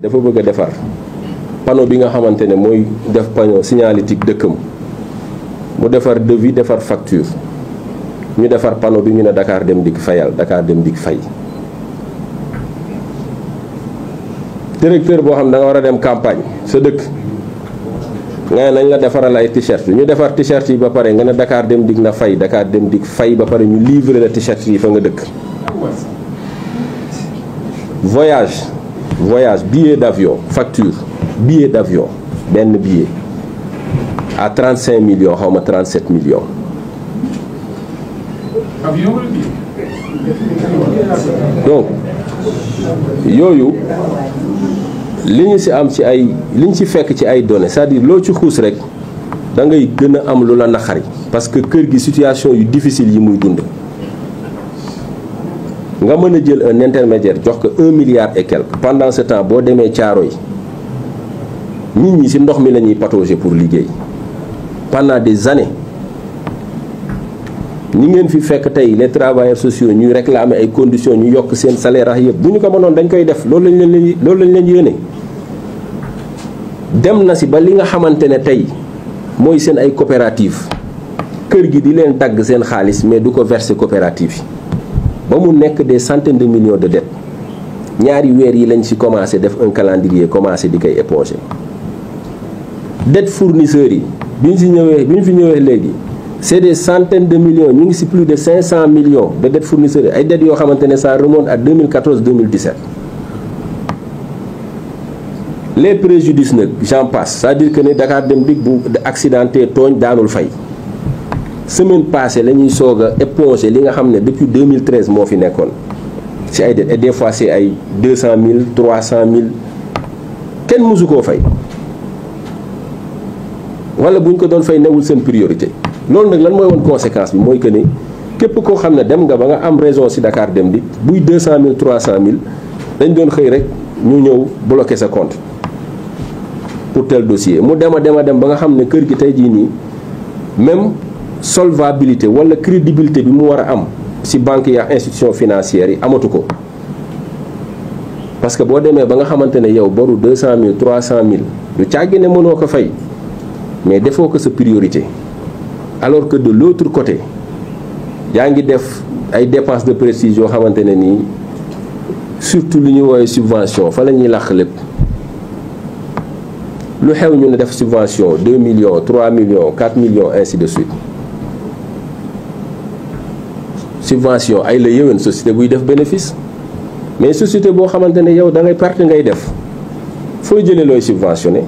dafa bëgg a defar panneau bi nga xamante ne mooy def panneau signalétique dëkkam mu defar devis defar facture ñu defar panneau bi ñu ne dakaar dem dikk fayal Dakar dem dikk fay directeur boo xam da nga war a dem campagne sa dëkk nga ne nañ la defaral ay t-shirt ñu defar t-shirt yi ba pare nga ne dakaar dem dikk na fay Dakar dem dikk fay ba pare ñu livrer la t-shirt yi fa nga dëkk voyage voyage billet d'avion facture billet d'avion benn billet à 35 millions xaw ma 37 millions. donc yooyu li ñu ci am ci ay li ñu ci fekk ci ay données cest à loo ci xuus rek da ngay gën a am lu la naxar parce que kër gi situation yu difficile yi muy dund. nga mën a jël un intermédiaire jox ko un milliard et quelque pendant ce temps boo demee caaro yi nit ñi ci ndox mi la ñuy patauger pour liggéey pendant des années ñi ngeen fi fekk tey les travailleurs sociaux ñuy réclamer ay conditions ñu yokk seen salaire ak yëpp bu ñu ko mënoon dañ koy def loolu lañ leen loolu lañ leen yéene dem na si ba li nga xamante ne tey mooy seen ay coopérative kër gi di leen dagg seen xaalis mais du ko verser coopérative yi ba mu nekk des centaines de millions de dettes ñaari weer yi lañ ci commencé def un calendrier commencé di koy éponger dette fournisseurs yi bi ñu fi ñëwee bi ñu fi ñëwee léegi c'est des centaines de millions ñu ngi ci plus de 500 de dettes fournisseurs yi ay dettes yoo xamante ne ça remonte à 2014 2017 les préjudices nag j'en passe c'est-à-dire que ne Dakar Dem Dikk bu accidenté tooñ daanul fay. semaine passée la ñuy soog a éponger li nga xam ne depuis 2013 moo fi nekkoon si ay dettes et des fois si ay 200000 mille kenn mosu koo fay wala bu ñu ko doon fay newul seen priorité loolu nag lan mooy woon conséquence bi mooy que ni képp koo xam ne dem nga ba nga am raison si Dakar dem di buy 200000 300000 dañ doon xëy rek ñu ñëw bloqué sa compte pour tel dossier mu dem a dem a dem ba nga xam ne kër gi tey jii nii même. solvabilité wala crédibilité bi mu war a am ci banque ya institution financière yi amatu ko parce que boo demee ba nga xamante ne yow boru 200000 300000 lu càggi ne mënoo ko fay mais defoo ko sa priorité alors que de l'autre côté yaa ngi def ay dépenses de prestige yoo xamante ne nii surtout lu ñu woowee subvention fa la ñuy làq lépp lu xew ñu ne def subvention 2 million 3 millions 4 millions ainsi de suite subvention ay la yëwén société buy def bénéfice mais société boo xamante ne yow da ngay perte ngay def fooy jëlee looy subventionné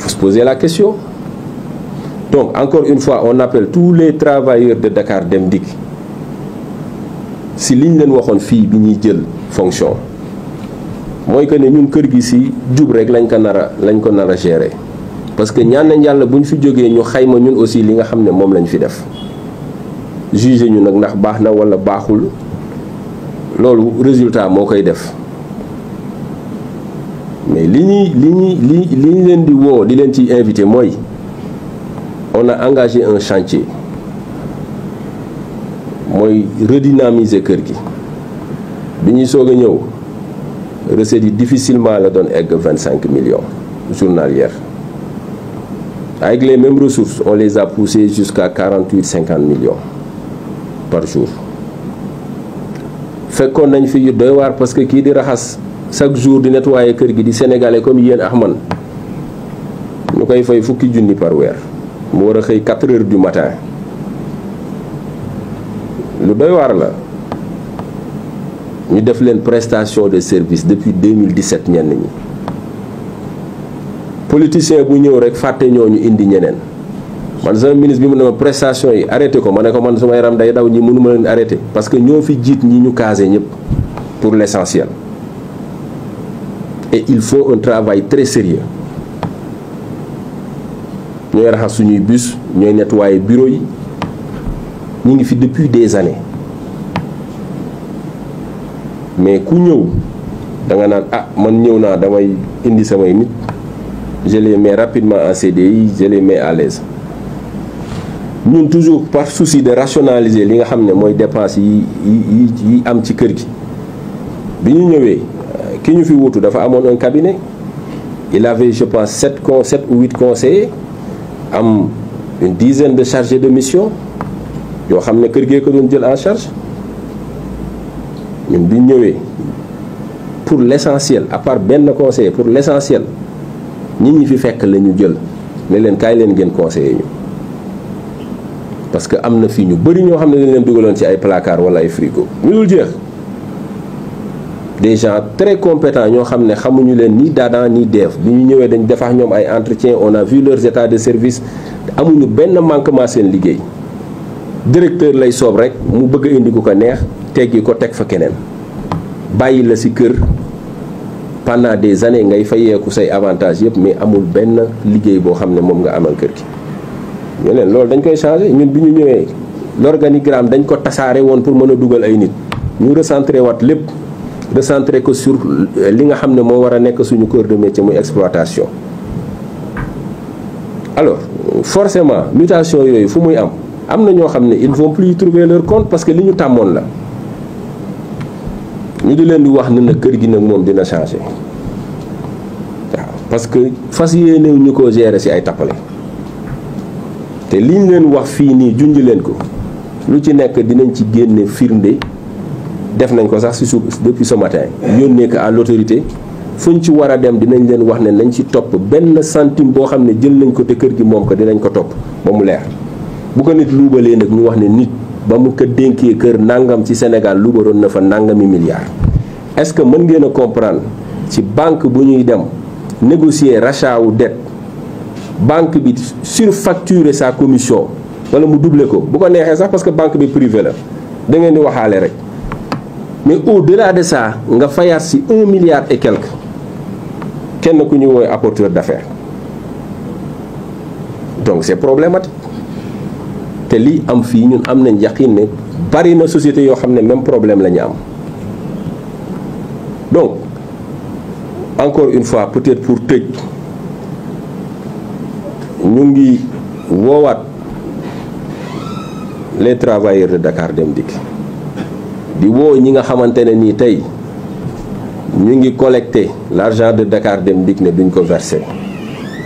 faut se poser la question donc encore une fois on appelle tous les travailleurs de Dakar Dem Dikk si liñ leen waxoon fii bi ñuy jël fonction mooy que ne ñun kër gi si jub rek lañ ko nar a lañ ko nar a gérer parce que ñaan nañ yàlla bu ñu fi jógee ñu xayma ñun aussi li nga xam ne moom lañ fi def jugé ñu nag ndax baax na wala baaxul loolu résultat moo koy def mais li ñuy li ñuy li li ñu leen di woo di leen ci invité mooy on a engagé un chantier mooy redynamiser kër gi bi ñuy soog a ñëw recettes yi difficilement la doon egg vingt cinq millions journalières avec les mêmes ressources on les a poussés jusqu'à quarante huit cinquante millions par jour fekkoon nañ fi yu doy waar parce que kii di raxas chaque jour di nettoyer kër gi di sénégalais comme yéen ak man ñu koy fay fukki junni par weer mu war a xëy 4 heures du matin lu doy waar la ñu def leen prestation de service depuis 2017 ñenn ñi politicien bu ñëw rek fàtte ñoo ñu indi ñeneen. man sama ministre bi mu ne ma prestation yi arrêté ko ma ne ko man sama yaram day daw ñi mënu ma leen arrêté parce que ñoo fi jiit ñi ñu casé ñëpp pour l'essentiel et il faut un travail très sérieux ñooy raxas suñuy bus ñooy nettoyer bureau yi ñu ngi fi depuis des années mais ku ñëw da nga naan ah man ñëw naa damay indi samay nit je mais mets rapidement en CDI je les mets à l'aise ñun toujours par souci de rationaliser li nga xam ne mooy dépense yi yi yi am ci kër gi bi ñu ñëwee euh, ki ñu fi wutu dafa amoon un cabinet il avait je pense sept con sept ou huit conseillers am une dizaine de chargés de mission yoo xam ne kër gee ko doon jël en charge ñun bi ñu ñëwee pour l'essentiel à part benn conseil pour l'essentiel nit ñi fi fekk la ñu jël ne leen kaay leen ngeen conseiller ñu. parce que am na fii ñu bëri ñoo xam ne leen dugaloon ci ay placard wala ay frigo ñu dul jeex des gens très compétents ñoo xam ne xamuñu leen ni daadan ni deef bi ñu ñëwee dañ defaax ñoom ay entretien on a vu leurs états de service amuñu benn manquement seen liggéey directeur lay soob rek mu bëgg a indi ko neex teggi ko teg fa keneen bàyyi la ci kër pendant des années ngay yeeku say avantages yëpp mais amul benn liggéey boo xam ne moom nga amal kër gi ñu leen loolu dañ koy changé ñun bi ñu ñëwee l'organigramme dañ ko tasaare woon pour mën a dugal ay nit ñu recentré waat lépp recentré que sur euh, li nga xam ne moo war a nekk suñu cœur de métier muy exploitation alors forcément mutation yooyu fu muy am am na ñoo xam ne ils faut plus y trouver leur compte parce que li ñu tàmmoon la ñu di leen di wax ne nag kër gi nag moom dina changer waaw parce que fas yéene ñu ko gérer ci ay tappale te ñu leen wax fii nii junj leen ko lu ci nekk dinañ ci génne firnde def nañ ko sax si suuf depuis ce matin yónnee ko à l'autorité fuñ ci war a dem dinañ leen wax ne nañ ci topp benn centime boo xam ne jël nañ ko te kër gi moom ko dinañ ko topp ba mu leer bu ko nit luubalee nag ñu wax ne nit ba mu ko dénkee kër nangam ci Sénégal luubaroon na fa nangami milliards. est-ce que mën ngeen a comprendre ci banque bu ñuy dem négocier rachat wu dette. banque bi surfacturer sa commission wala mu doubler ko bu ko neexee sax parce que banque bi privée la da ngeen di waxaale rek mais au-delà de ça nga fayaat si un milliard et quelque kenn ku ñu woowee apporteur d'affaires donc c'est problématique te li am fii ñun am nañ yaqin ne bari na société yoo xam ne même problème la ñu am donc encore une fois peut pour tëj ñu ngi woowaat les travailleurs de Dakar Dem Dikk di woo ñi nga xamante ne nii tey ñu ngi collecté l'argent de Dakar Dem Dikk ne duñ ko versé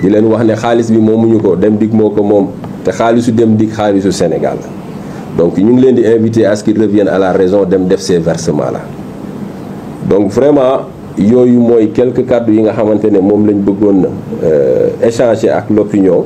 di leen wax ne xaalis bi moomuñu ko Dem Dikk moo ko moom te xaalisu Dem Dikk xaalisu Sénégal donc ñu ngi leen di invité à ce qu'ils reviennent à la raison dem def ces versements la donc vraiment yooyu mooy quelques kàddu yi nga xamante ne moom lañ bëggoon na euh, échanger ak l'opinion